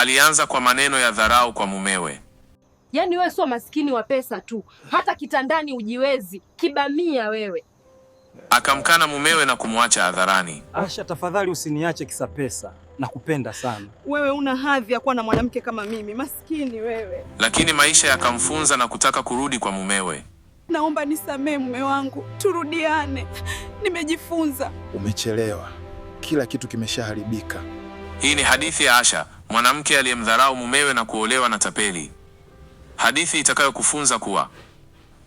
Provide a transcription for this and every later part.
Alianza kwa maneno ya dharau kwa mumewe. Yaani wewe sio maskini wa pesa tu, hata kitandani ujiwezi, kibamia wewe. Akamkana mumewe na kumwacha hadharani. Asha, tafadhali usiniache kisa pesa, nakupenda sana wewe. Una hadhi ya kuwa na mwanamke kama mimi, maskini wewe. Lakini maisha yakamfunza na kutaka kurudi kwa mumewe. Naomba nisamee mume wangu, turudiane, nimejifunza. Umechelewa, kila kitu kimeshaharibika. Hii ni hadithi ya Asha mwanamke aliyemdharau mumewe na kuolewa na tapeli. Hadithi itakayokufunza kuwa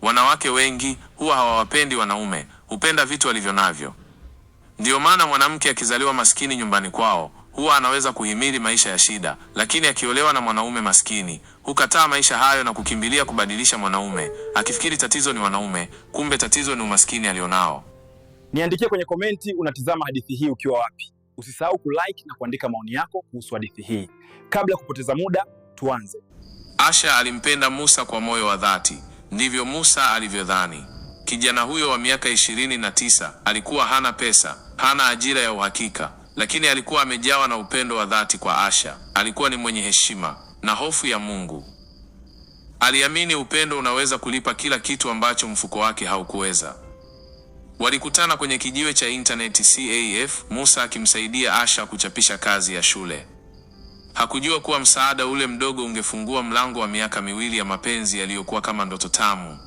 wanawake wengi huwa hawawapendi wanaume, hupenda vitu walivyo navyo. Ndiyo maana mwanamke akizaliwa maskini nyumbani kwao huwa anaweza kuhimili maisha ya shida, lakini akiolewa na mwanaume maskini hukataa maisha hayo na kukimbilia kubadilisha mwanaume, akifikiri tatizo ni wanaume, kumbe tatizo ni umaskini alionao. Niandikie kwenye komenti, unatizama hadithi hii ukiwa wapi? Usisahau kulike na kuandika maoni yako kuhusu hadithi hii. Kabla ya kupoteza muda, tuanze. Asha alimpenda Musa kwa moyo wa dhati, ndivyo Musa alivyodhani. Kijana huyo wa miaka ishirini na tisa alikuwa hana pesa, hana ajira ya uhakika, lakini alikuwa amejawa na upendo wa dhati kwa Asha. Alikuwa ni mwenye heshima na hofu ya Mungu. Aliamini upendo unaweza kulipa kila kitu ambacho mfuko wake haukuweza. Walikutana kwenye kijiwe cha intaneti CAF, Musa akimsaidia Asha kuchapisha kazi ya shule. Hakujua kuwa msaada ule mdogo ungefungua mlango wa miaka miwili ya mapenzi yaliyokuwa kama ndoto tamu.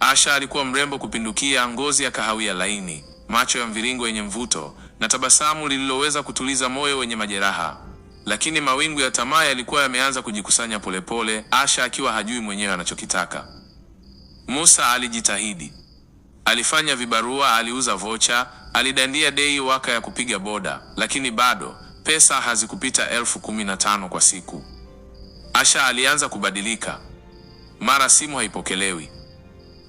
Asha alikuwa mrembo kupindukia, ngozi ya kahawia laini, macho ya mviringo yenye mvuto na tabasamu lililoweza kutuliza moyo wenye majeraha. Lakini mawingu ya tamaa yalikuwa yameanza kujikusanya polepole, Asha akiwa hajui mwenyewe anachokitaka. Musa alijitahidi Alifanya vibarua, aliuza vocha, alidandia dei waka ya kupiga boda, lakini bado pesa hazikupita elfu kumi na tano kwa siku. Asha alianza kubadilika. Mara simu haipokelewi,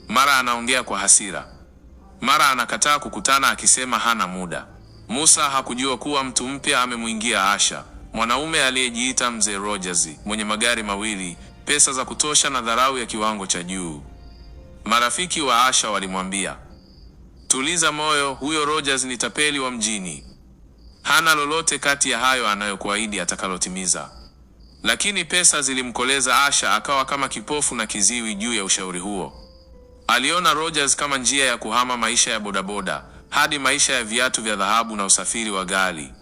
mara anaongea kwa hasira, mara anakataa kukutana akisema hana muda. Musa hakujua kuwa mtu mpya amemwingia Asha, mwanaume aliyejiita mzee Rogers, mwenye magari mawili, pesa za kutosha na dharau ya kiwango cha juu. Marafiki wa Asha walimwambia, tuliza moyo, huyo Rogers ni tapeli wa mjini, hana lolote kati ya hayo anayokuahidi atakalotimiza. Lakini pesa zilimkoleza Asha, akawa kama kipofu na kiziwi juu ya ushauri huo. Aliona Rogers kama njia ya kuhama maisha ya bodaboda hadi maisha ya viatu vya dhahabu na usafiri wa gari.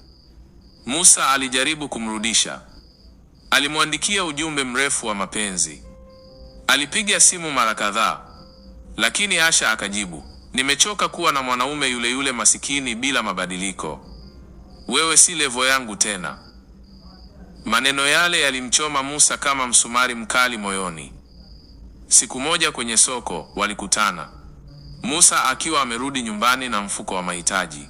Musa alijaribu kumrudisha, alimwandikia ujumbe mrefu wa mapenzi, alipiga simu mara kadhaa. Lakini Asha akajibu, nimechoka kuwa na mwanaume yule yule masikini bila mabadiliko. Wewe si levo yangu tena. Maneno yale yalimchoma Musa kama msumari mkali moyoni. Siku moja kwenye soko walikutana, Musa akiwa amerudi nyumbani na mfuko wa mahitaji,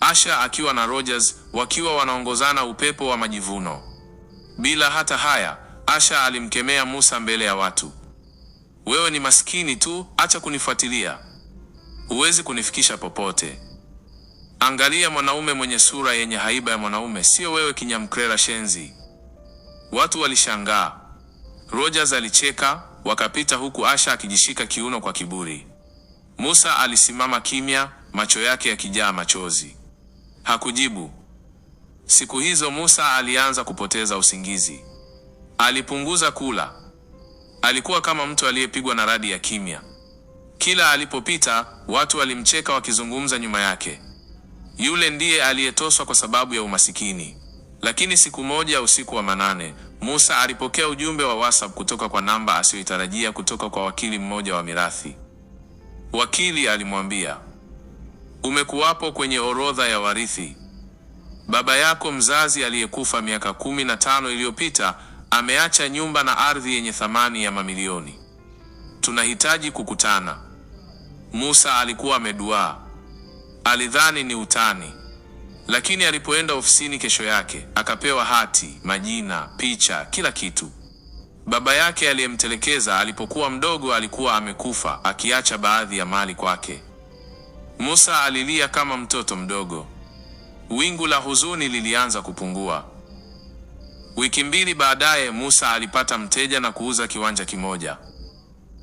Asha akiwa na Rogers, wakiwa wanaongozana upepo wa majivuno. Bila hata haya, Asha alimkemea Musa mbele ya watu. Wewe ni maskini tu, acha kunifuatilia, huwezi kunifikisha popote. Angalia mwanaume mwenye sura yenye haiba ya mwanaume, sio wewe, kinyamkrera shenzi. Watu walishangaa. Rogers alicheka, wakapita huku Asha akijishika kiuno kwa kiburi. Musa alisimama kimya, macho yake yakijaa machozi. Hakujibu. Siku hizo Musa alianza kupoteza usingizi. Alipunguza kula. Alikuwa kama mtu aliyepigwa na radi ya kimya. Kila alipopita watu walimcheka wakizungumza nyuma yake. Yule ndiye aliyetoswa kwa sababu ya umasikini. Lakini siku moja usiku wa manane, Musa alipokea ujumbe wa WhatsApp kutoka kwa namba asiyoitarajia kutoka kwa wakili mmoja wa mirathi. Wakili alimwambia, umekuwapo kwenye orodha ya warithi. Baba yako mzazi aliyekufa miaka kumi na tano iliyopita Ameacha nyumba na ardhi yenye thamani ya mamilioni. Tunahitaji kukutana. Musa alikuwa ameduaa, alidhani ni utani, lakini alipoenda ofisini kesho yake akapewa hati, majina, picha, kila kitu. Baba yake aliyemtelekeza alipokuwa mdogo alikuwa amekufa, akiacha baadhi ya mali kwake. Musa alilia kama mtoto mdogo. Wingu la huzuni lilianza kupungua. Wiki mbili baadaye Musa alipata mteja na kuuza kiwanja kimoja.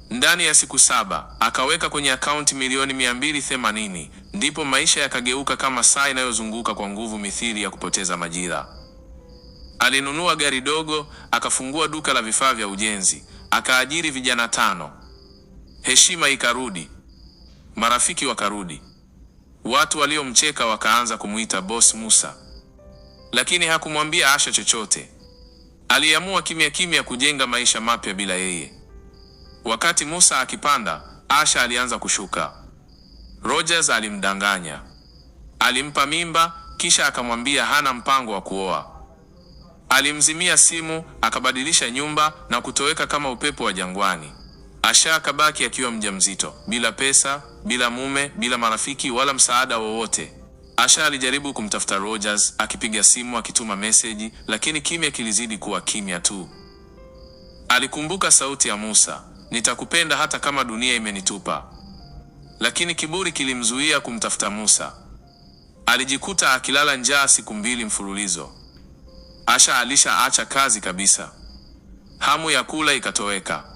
Ndani ya siku saba akaweka kwenye akaunti milioni 280. Ndipo maisha yakageuka kama saa inayozunguka kwa nguvu mithili ya kupoteza majira. Alinunua gari dogo, akafungua duka la vifaa vya ujenzi, akaajiri vijana tano. Heshima ikarudi, marafiki wakarudi, watu waliomcheka wakaanza kumuita boss Musa, lakini hakumwambia Asha chochote. Aliamua kimya kimya kujenga maisha mapya bila yeye. Wakati Musa akipanda, Asha alianza kushuka. Rogers alimdanganya, alimpa mimba, kisha akamwambia hana mpango wa kuoa. Alimzimia simu, akabadilisha nyumba na kutoweka kama upepo wa jangwani. Asha akabaki akiwa mjamzito, bila pesa, bila mume, bila marafiki wala msaada wowote. Asha alijaribu kumtafuta Rogers, akipiga simu, akituma meseji, lakini kimya kilizidi kuwa kimya tu. Alikumbuka sauti ya Musa, nitakupenda hata kama dunia imenitupa. Lakini kiburi kilimzuia kumtafuta Musa. Alijikuta akilala njaa siku mbili mfululizo. Asha alishaacha kazi kabisa, hamu ya kula ikatoweka.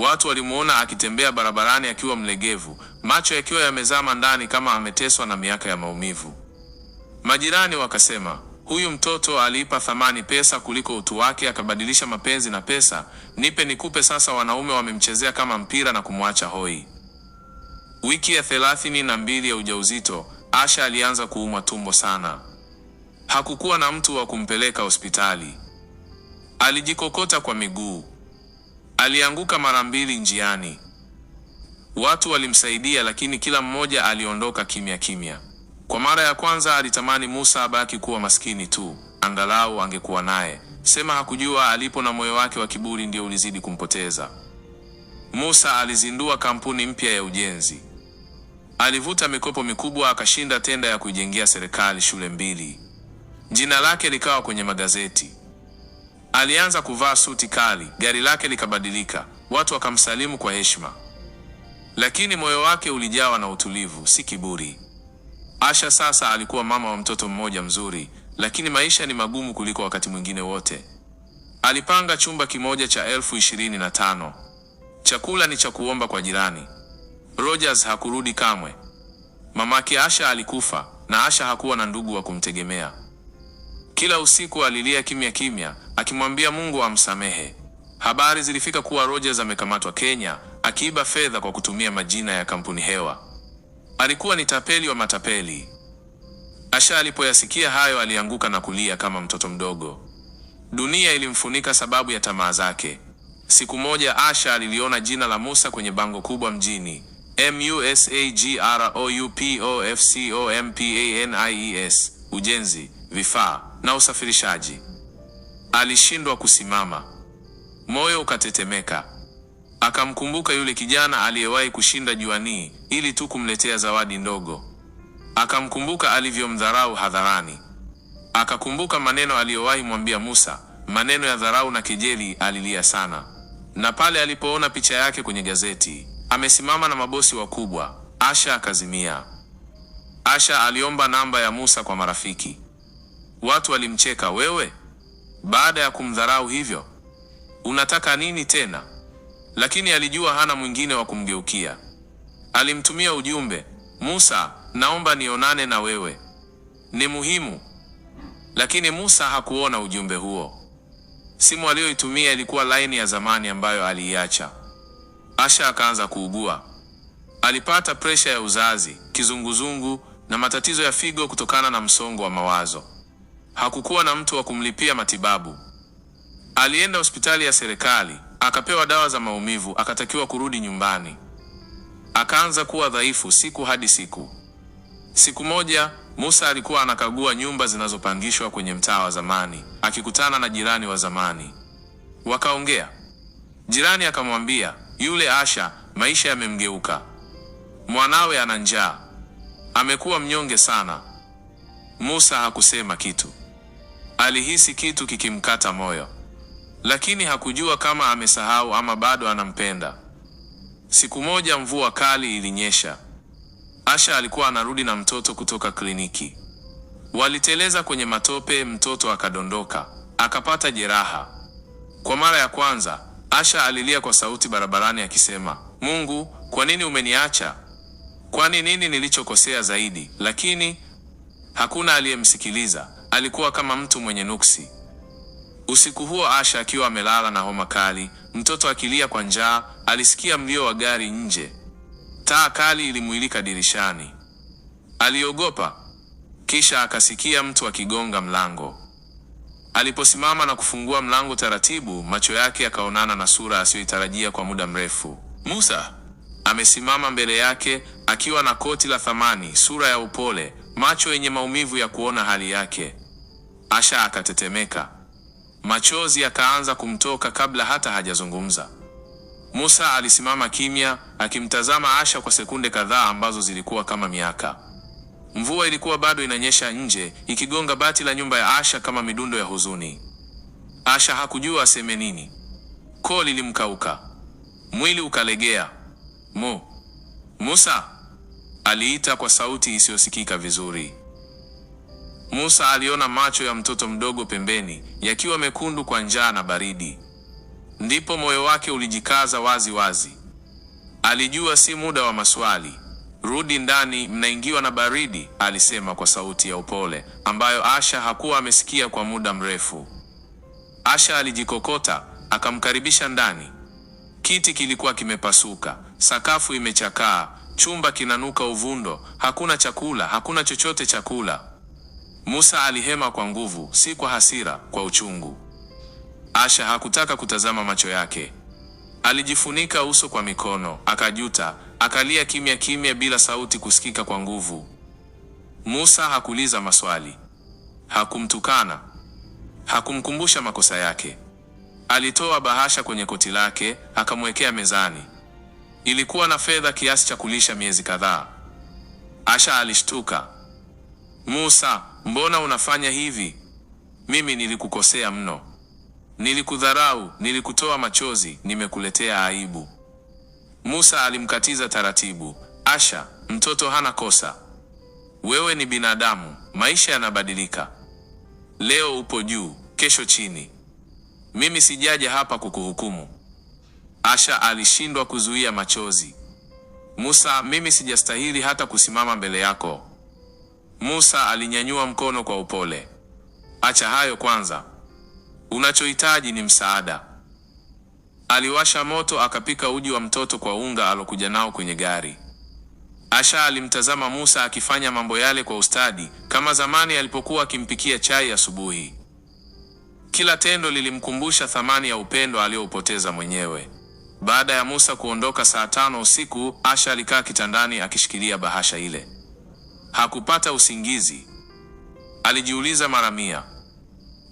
Watu walimuona akitembea barabarani akiwa mlegevu, macho yakiwa yamezama ndani kama ameteswa na miaka ya maumivu. Majirani wakasema, huyu mtoto aliipa thamani pesa kuliko utu wake, akabadilisha mapenzi na pesa. Nipe nikupe sasa, wanaume wamemchezea kama mpira na kumwacha hoi. Wiki ya thelathini na mbili ya ujauzito, Asha alianza kuumwa tumbo sana. Hakukuwa na mtu wa kumpeleka hospitali. Alijikokota kwa miguu Alianguka mara mbili njiani. Watu walimsaidia, lakini kila mmoja aliondoka kimya kimya. Kwa mara ya kwanza alitamani Musa abaki kuwa maskini tu, angalau angekuwa naye. Sema hakujua alipo, na moyo wake wa kiburi ndio ulizidi kumpoteza. Musa alizindua kampuni mpya ya ujenzi. Alivuta mikopo mikubwa, akashinda tenda ya kuijengea serikali shule mbili. Jina lake likawa kwenye magazeti. Alianza kuvaa suti kali, gari lake likabadilika, watu wakamsalimu kwa heshima, lakini moyo wake ulijawa na utulivu, si kiburi. Asha sasa alikuwa mama wa mtoto mmoja mzuri, lakini maisha ni magumu kuliko wakati mwingine wote. Alipanga chumba kimoja cha elfu ishirini na tano. Chakula ni cha kuomba kwa jirani. Rogers hakurudi kamwe. Mamake Asha alikufa na Asha hakuwa na ndugu wa kumtegemea. Kila usiku alilia kimya kimya, akimwambia Mungu amsamehe. Habari zilifika kuwa Rogers amekamatwa Kenya akiiba fedha kwa kutumia majina ya kampuni hewa. Alikuwa ni tapeli wa matapeli. Asha alipoyasikia hayo alianguka na kulia kama mtoto mdogo. Dunia ilimfunika sababu ya tamaa zake. Siku moja Asha aliliona jina la Musa kwenye bango kubwa mjini, musagroupofcompanies e ujenzi vifaa na usafirishaji. Alishindwa kusimama, moyo ukatetemeka. Akamkumbuka yule kijana aliyewahi kushinda juani ili tu kumletea zawadi ndogo. Akamkumbuka alivyomdharau hadharani. Akakumbuka maneno aliyowahi mwambia Musa, maneno ya dharau na kejeli. Alilia sana, na pale alipoona picha yake kwenye gazeti amesimama na mabosi wakubwa, Asha akazimia. Asha aliomba namba ya Musa kwa marafiki watu walimcheka wewe, baada ya kumdharau hivyo, unataka nini tena? Lakini alijua hana mwingine wa kumgeukia. Alimtumia ujumbe, Musa, naomba nionane na wewe, ni muhimu. Lakini Musa hakuona ujumbe huo. Simu aliyoitumia ilikuwa laini ya zamani ambayo aliiacha. Asha akaanza kuugua. Alipata presha ya uzazi, kizunguzungu na matatizo ya figo kutokana na msongo wa mawazo. Hakukuwa na mtu wa kumlipia matibabu. Alienda hospitali ya serikali, akapewa dawa za maumivu, akatakiwa kurudi nyumbani. Akaanza kuwa dhaifu siku hadi siku. Siku moja Musa alikuwa anakagua nyumba zinazopangishwa kwenye mtaa wa zamani, akikutana na jirani wa zamani. Wakaongea. Jirani akamwambia, yule Asha maisha yamemgeuka, mwanawe ana njaa, amekuwa mnyonge sana. Musa hakusema kitu. Alihisi kitu kikimkata moyo, lakini hakujua kama amesahau ama bado anampenda. Siku moja mvua kali ilinyesha. Asha alikuwa anarudi na mtoto kutoka kliniki. Waliteleza kwenye matope, mtoto akadondoka, akapata jeraha. Kwa mara ya kwanza, Asha alilia kwa sauti barabarani akisema, Mungu, kwa nini umeniacha? Kwani nini nilichokosea zaidi? Lakini hakuna aliyemsikiliza. Alikuwa kama mtu mwenye nuksi. Usiku huo Asha akiwa amelala na homa kali, mtoto akilia kwa njaa, alisikia mlio wa gari nje. Taa kali ilimuilika dirishani. Aliogopa, kisha akasikia mtu akigonga mlango. Aliposimama na kufungua mlango taratibu, macho yake yakaonana na sura asiyoitarajia kwa muda mrefu. Musa amesimama mbele yake akiwa na koti la thamani, sura ya upole, macho yenye maumivu ya kuona hali yake. Asha akatetemeka, machozi yakaanza kumtoka kabla hata hajazungumza. Musa alisimama kimya akimtazama Asha kwa sekunde kadhaa ambazo zilikuwa kama miaka. Mvua ilikuwa bado inanyesha nje, ikigonga bati la nyumba ya Asha kama midundo ya huzuni. Asha hakujua aseme nini. Koo lilimkauka, mwili ukalegea. Mo, Musa aliita kwa sauti isiyosikika vizuri. Musa aliona macho ya mtoto mdogo pembeni yakiwa mekundu kwa njaa na baridi. Ndipo moyo wake ulijikaza wazi wazi. Alijua si muda wa maswali. Rudi ndani, mnaingiwa na baridi, alisema kwa sauti ya upole ambayo Asha hakuwa amesikia kwa muda mrefu. Asha alijikokota akamkaribisha ndani. Kiti kilikuwa kimepasuka, sakafu imechakaa, chumba kinanuka uvundo, hakuna chakula, hakuna chochote chakula. Musa alihema kwa nguvu, si kwa hasira, kwa uchungu. Asha hakutaka kutazama macho yake. Alijifunika uso kwa mikono, akajuta, akalia kimya kimya bila sauti kusikika kwa nguvu. Musa hakuuliza maswali. Hakumtukana. Hakumkumbusha makosa yake. Alitoa bahasha kwenye koti lake, akamwekea mezani. Ilikuwa na fedha kiasi cha kulisha miezi kadhaa. Asha alishtuka. Musa Mbona unafanya hivi? Mimi nilikukosea mno, nilikudharau, nilikutoa machozi, nimekuletea aibu. Musa alimkatiza taratibu. Asha, mtoto hana kosa. Wewe ni binadamu, maisha yanabadilika. Leo upo juu, kesho chini. Mimi sijaja hapa kukuhukumu. Asha alishindwa kuzuia machozi. Musa, mimi sijastahili hata kusimama mbele yako. Musa alinyanyua mkono kwa upole. Acha hayo kwanza, unachohitaji ni msaada. Aliwasha moto akapika uji wa mtoto kwa unga alokuja nao kwenye gari. Asha alimtazama Musa akifanya mambo yale kwa ustadi, kama zamani alipokuwa akimpikia chai asubuhi. Kila tendo lilimkumbusha thamani ya upendo aliyoupoteza mwenyewe. Baada ya Musa kuondoka saa tano usiku, Asha alikaa kitandani akishikilia bahasha ile. Hakupata usingizi. Alijiuliza mara mia,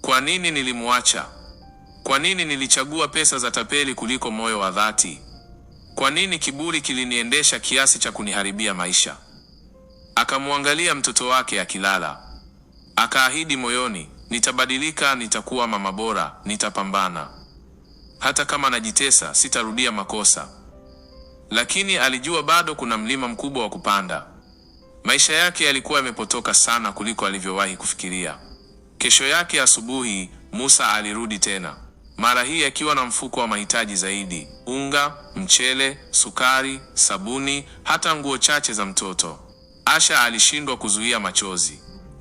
kwa nini nilimwacha? Kwa nini nilichagua pesa za tapeli kuliko moyo wa dhati? Kwa nini kiburi kiliniendesha kiasi cha kuniharibia maisha? Akamwangalia mtoto wake akilala, akaahidi moyoni, nitabadilika, nitakuwa mama bora, nitapambana, hata kama najitesa, sitarudia makosa. Lakini alijua bado kuna mlima mkubwa wa kupanda. Maisha yake yalikuwa yamepotoka sana kuliko alivyowahi kufikiria. Kesho yake asubuhi, Musa alirudi tena, mara hii akiwa na mfuko wa mahitaji zaidi: unga, mchele, sukari, sabuni, hata nguo chache za mtoto. Asha alishindwa kuzuia machozi.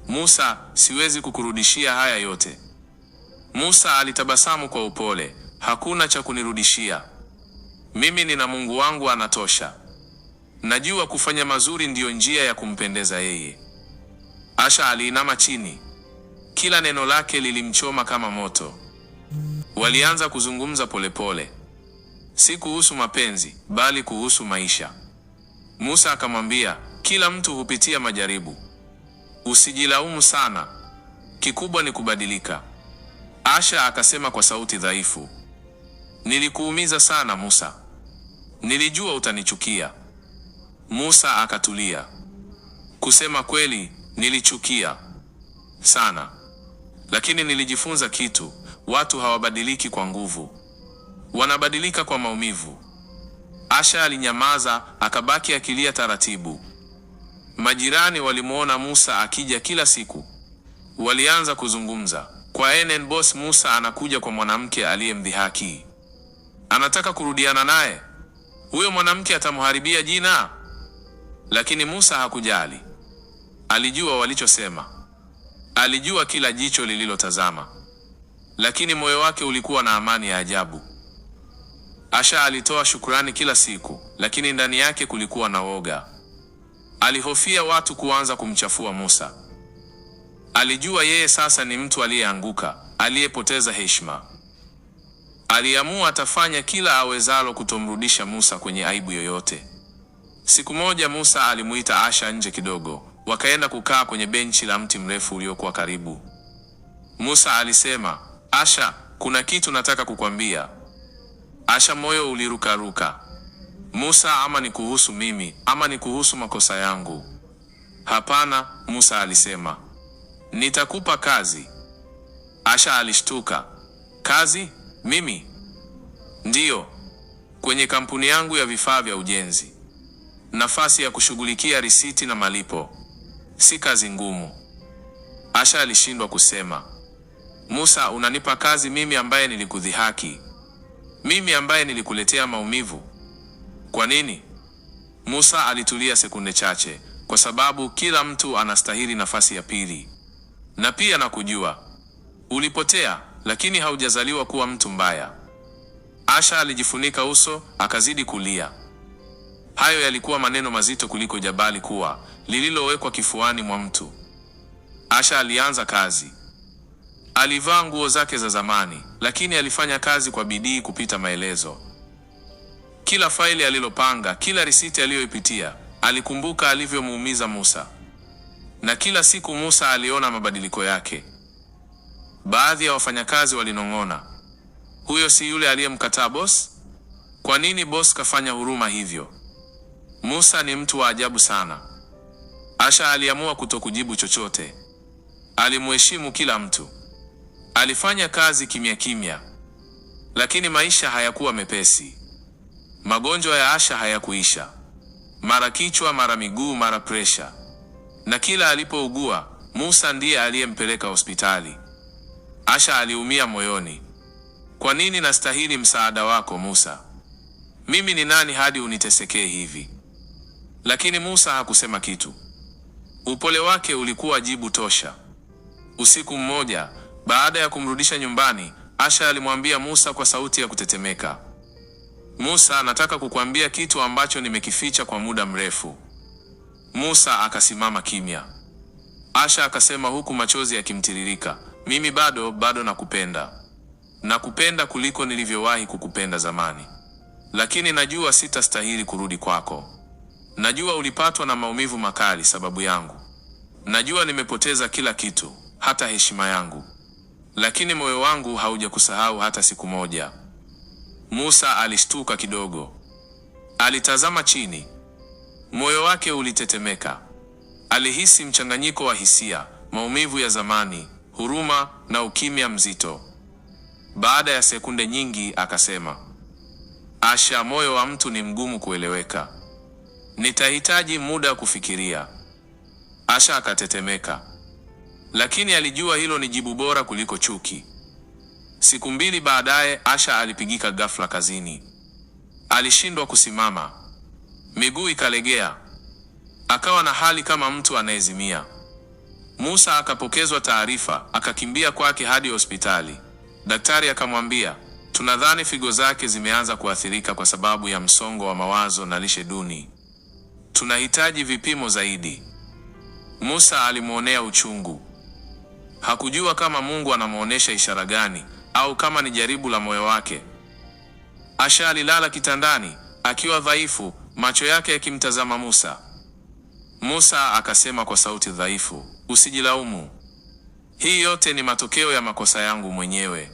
Musa, siwezi kukurudishia haya yote. Musa alitabasamu kwa upole, hakuna cha kunirudishia. Mimi nina Mungu wangu anatosha. Najua kufanya mazuri ndiyo njia ya kumpendeza yeye. Asha aliinama chini, kila neno lake lilimchoma kama moto. Walianza kuzungumza polepole, si kuhusu mapenzi, bali kuhusu maisha. Musa akamwambia, kila mtu hupitia majaribu, usijilaumu sana, kikubwa ni kubadilika. Asha akasema kwa sauti dhaifu, nilikuumiza sana Musa, nilijua utanichukia Musa akatulia. Kusema kweli, nilichukia sana, lakini nilijifunza kitu. Watu hawabadiliki kwa nguvu, wanabadilika kwa maumivu. Asha alinyamaza, akabaki akilia taratibu. Majirani walimwona Musa akija kila siku, walianza kuzungumza kwa enen boss, Musa anakuja kwa mwanamke aliyemdhihaki, anataka kurudiana naye. Huyo mwanamke atamharibia jina. Lakini Musa hakujali. Alijua walichosema, alijua kila jicho lililotazama, lakini moyo wake ulikuwa na amani ya ajabu. Asha alitoa shukrani kila siku, lakini ndani yake kulikuwa na woga. Alihofia watu kuanza kumchafua Musa. Alijua yeye sasa ni mtu aliyeanguka, aliyepoteza heshima. Aliamua atafanya kila awezalo kutomrudisha Musa kwenye aibu yoyote. Siku moja Musa alimuita Asha nje kidogo, wakaenda kukaa kwenye benchi la mti mrefu uliokuwa karibu. Musa alisema, Asha, kuna kitu nataka kukwambia. Asha moyo ulirukaruka. Musa, ama ni kuhusu mimi ama ni kuhusu makosa yangu? Hapana, Musa alisema, nitakupa kazi. Asha alishtuka. Kazi? Mimi? Ndiyo, kwenye kampuni yangu ya vifaa vya ujenzi. Nafasi ya kushughulikia risiti na malipo si kazi ngumu, Asha alishindwa kusema. Musa, unanipa kazi mimi ambaye nilikudhihaki, mimi ambaye nilikuletea maumivu? Kwa nini? Musa alitulia sekunde chache. Kwa sababu kila mtu anastahili nafasi ya pili, na pia nakujua ulipotea, lakini haujazaliwa kuwa mtu mbaya. Asha alijifunika uso akazidi kulia. Hayo yalikuwa maneno mazito kuliko jabali kuwa lililowekwa kifuani mwa mtu. Asha alianza kazi. Alivaa nguo zake za zamani, lakini alifanya kazi kwa bidii kupita maelezo. Kila faili alilopanga, kila risiti aliyoipitia, alikumbuka alivyomuumiza Musa, na kila siku Musa aliona mabadiliko yake. Baadhi ya wafanyakazi walinong'ona, huyo si yule aliyemkataa boss? Kwa nini boss kafanya huruma hivyo? Musa ni mtu wa ajabu sana. Asha aliamua kutokujibu chochote. Alimheshimu kila mtu. Alifanya kazi kimya kimya, lakini maisha hayakuwa mepesi. Magonjwa ya Asha hayakuisha, mara kichwa, mara miguu, mara presha, na kila alipougua Musa ndiye aliyempeleka hospitali. Asha aliumia moyoni. Kwa nini nastahili msaada wako Musa? Mimi ni nani hadi unitesekee hivi? Lakini Musa hakusema kitu. Upole wake ulikuwa jibu tosha. Usiku mmoja, baada ya kumrudisha nyumbani, Asha alimwambia Musa kwa sauti ya kutetemeka, Musa, nataka kukuambia kitu ambacho nimekificha kwa muda mrefu. Musa akasimama kimya. Asha akasema huku machozi yakimtiririka, mimi bado bado nakupenda, nakupenda kuliko nilivyowahi kukupenda zamani, lakini najua sitastahili kurudi kwako. Najua ulipatwa na maumivu makali sababu yangu. Najua nimepoteza kila kitu, hata heshima yangu, lakini moyo wangu haujakusahau hata siku moja. Musa alishtuka kidogo, alitazama chini, moyo wake ulitetemeka. Alihisi mchanganyiko wa hisia, maumivu ya zamani, huruma na ukimya mzito. Baada ya sekunde nyingi, akasema, Asha, moyo wa mtu ni mgumu kueleweka. Nitahitaji muda kufikiria. Asha akatetemeka, lakini alijua hilo ni jibu bora kuliko chuki. Siku mbili baadaye, Asha alipigika ghafla kazini. Alishindwa kusimama, miguu ikalegea, akawa na hali kama mtu anayezimia. Musa akapokezwa taarifa, akakimbia kwake hadi hospitali. Daktari akamwambia, tunadhani figo zake zimeanza kuathirika kwa sababu ya msongo wa mawazo na lishe duni tunahitaji vipimo zaidi. Musa alimwonea uchungu. Hakujua kama Mungu anamwonyesha ishara gani au kama ni jaribu la moyo wake. Asha alilala kitandani akiwa dhaifu, macho yake yakimtazama Musa. Musa akasema kwa sauti dhaifu, usijilaumu, hii yote ni matokeo ya makosa yangu mwenyewe.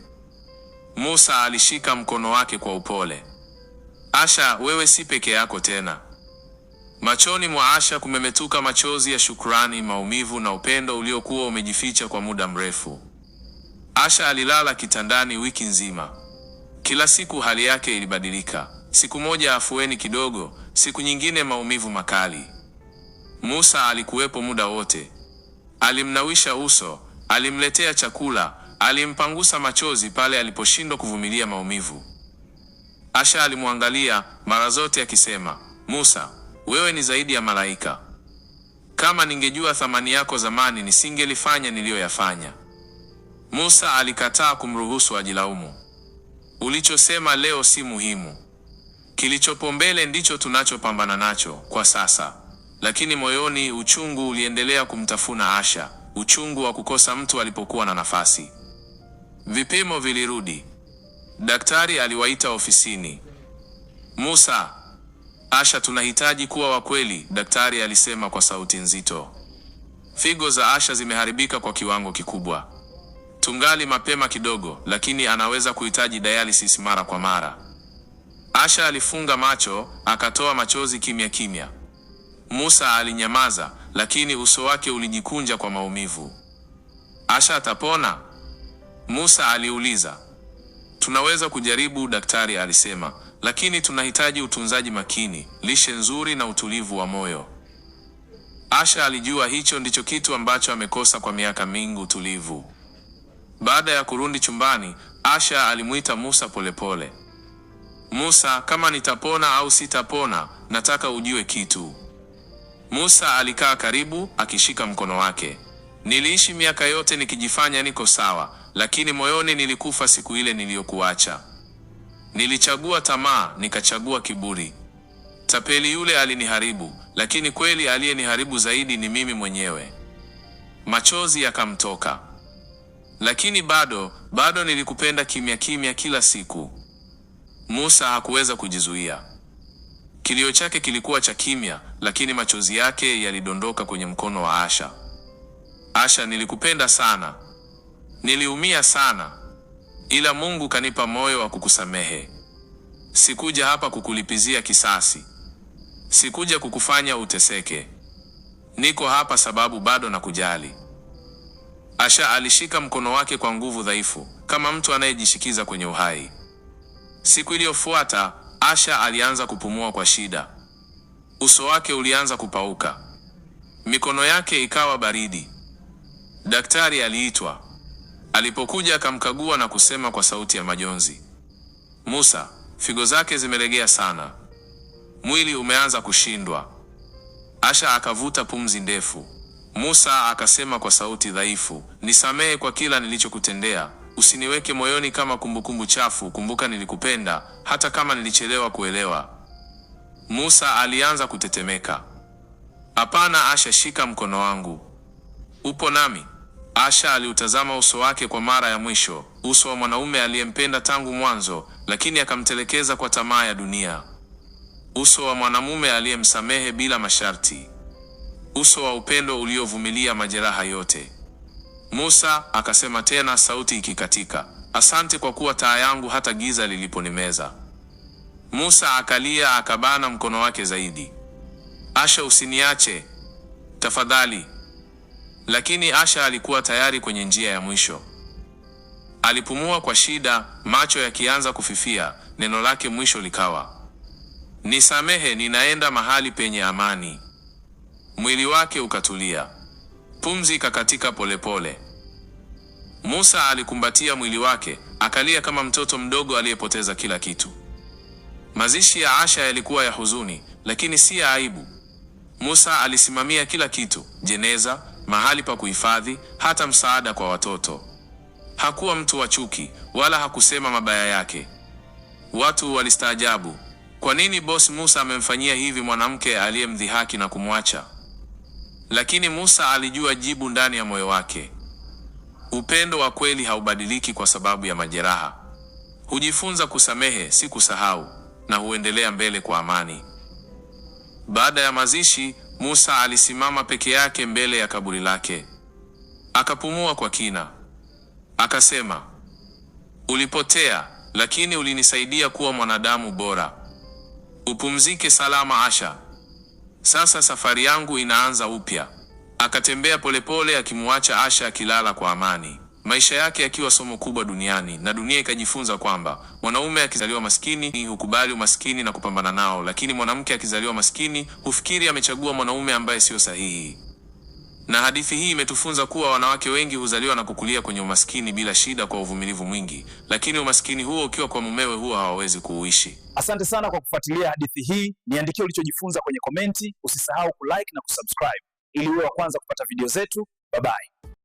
Musa alishika mkono wake kwa upole. Asha, wewe si peke yako tena. Machoni mwa Asha kumemetuka machozi ya shukrani, maumivu na upendo uliokuwa umejificha kwa muda mrefu. Asha alilala kitandani wiki nzima. Kila siku hali yake ilibadilika, siku moja afueni kidogo, siku nyingine maumivu makali. Musa alikuwepo muda wote, alimnawisha uso, alimletea chakula, alimpangusa machozi pale aliposhindwa kuvumilia maumivu. Asha alimwangalia mara zote akisema, Musa wewe ni zaidi ya malaika. Kama ningejua thamani yako zamani, nisingelifanya niliyoyafanya. Musa alikataa kumruhusu ajilaumu. Ulichosema leo si muhimu. Kilichopo mbele ndicho tunachopambana nacho kwa sasa. Lakini moyoni uchungu uliendelea kumtafuna Asha, uchungu wa kukosa mtu alipokuwa na nafasi. Vipimo vilirudi. Daktari aliwaita ofisini. Musa, Asha, tunahitaji kuwa wa kweli, daktari alisema kwa sauti nzito. Figo za Asha zimeharibika kwa kiwango kikubwa. Tungali mapema kidogo, lakini anaweza kuhitaji dialysis mara kwa mara. Asha alifunga macho, akatoa machozi kimya kimya. Musa alinyamaza, lakini uso wake ulijikunja kwa maumivu. Asha atapona? Musa aliuliza. Tunaweza kujaribu, daktari alisema, lakini tunahitaji utunzaji makini, lishe nzuri na utulivu wa moyo. Asha alijua hicho ndicho kitu ambacho amekosa kwa miaka mingi, utulivu. Baada ya kurudi chumbani, Asha alimwita Musa polepole pole. Musa, kama nitapona au sitapona, nataka ujue kitu. Musa alikaa karibu akishika mkono wake. Niliishi miaka yote nikijifanya niko sawa, lakini moyoni nilikufa siku ile niliyokuacha. Nilichagua tamaa, nikachagua kiburi. Tapeli yule aliniharibu, lakini kweli aliyeniharibu zaidi ni mimi mwenyewe. Machozi yakamtoka. Lakini bado bado nilikupenda kimya kimya, kila siku. Musa hakuweza kujizuia. Kilio chake kilikuwa cha kimya, lakini machozi yake yalidondoka kwenye mkono wa Asha. Asha, nilikupenda sana, niliumia sana ila Mungu kanipa moyo wa kukusamehe. Sikuja hapa kukulipizia kisasi, sikuja kukufanya uteseke. Niko hapa sababu bado nakujali. Asha alishika mkono wake kwa nguvu dhaifu, kama mtu anayejishikiza kwenye uhai. Siku iliyofuata Asha alianza kupumua kwa shida, uso wake ulianza kupauka, mikono yake ikawa baridi. Daktari aliitwa. Alipokuja akamkagua na kusema kwa sauti ya majonzi, Musa, figo zake zimelegea sana, mwili umeanza kushindwa. Asha akavuta pumzi ndefu. Musa akasema kwa sauti dhaifu, nisamehe kwa kila nilichokutendea, usiniweke moyoni kama kumbukumbu chafu. Kumbuka nilikupenda hata kama nilichelewa kuelewa. Musa alianza kutetemeka. Hapana Asha, shika mkono wangu, upo nami. Asha aliutazama uso wake kwa mara ya mwisho, uso wa mwanaume aliyempenda tangu mwanzo, lakini akamtelekeza kwa tamaa ya dunia, uso wa mwanamume aliyemsamehe bila masharti, uso wa upendo uliovumilia majeraha yote. Musa akasema tena, sauti ikikatika, asante kwa kuwa taa yangu hata giza liliponimeza. Musa akalia, akabana mkono wake zaidi. Asha, usiniache tafadhali. Lakini Asha alikuwa tayari kwenye njia ya mwisho. Alipumua kwa shida, macho yakianza kufifia. Neno lake mwisho likawa nisamehe, ninaenda mahali penye amani. Mwili wake ukatulia, pumzi ikakatika polepole. Musa alikumbatia mwili wake, akalia kama mtoto mdogo aliyepoteza kila kitu. Mazishi ya Asha yalikuwa ya huzuni, lakini si ya aibu. Musa alisimamia kila kitu: jeneza mahali pa kuhifadhi, hata msaada kwa watoto. Hakuwa mtu wa chuki wala hakusema mabaya yake. Watu walistaajabu, kwa nini bosi Musa amemfanyia hivi mwanamke aliyemdhihaki na kumwacha? Lakini Musa alijua jibu ndani ya moyo wake. Upendo wa kweli haubadiliki kwa sababu ya majeraha. Hujifunza kusamehe, si kusahau, na huendelea mbele kwa amani. Baada ya mazishi, Musa alisimama peke yake mbele ya kaburi lake, akapumua kwa kina, akasema, ulipotea, lakini ulinisaidia kuwa mwanadamu bora. Upumzike salama Asha, sasa safari yangu inaanza upya. Akatembea polepole akimwacha Asha akilala kwa amani maisha yake yakiwa somo kubwa duniani, na dunia ikajifunza kwamba mwanaume akizaliwa maskini hukubali umaskini na kupambana nao, lakini mwanamke akizaliwa maskini hufikiri amechagua mwanaume ambaye siyo sahihi. Na hadithi hii imetufunza kuwa wanawake wengi huzaliwa na kukulia kwenye umaskini bila shida, kwa uvumilivu mwingi, lakini umaskini huo ukiwa kwa mumewe huwa hawawezi kuuishi. Asante sana kwa kufuatilia hadithi hii, niandikie ulichojifunza kwenye komenti. Usisahau kulike na kusubscribe ili uwe wa kwanza kupata video zetu. Bye bye.